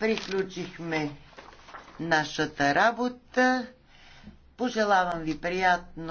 приключихме нашата работа. Пожелавам ви приятно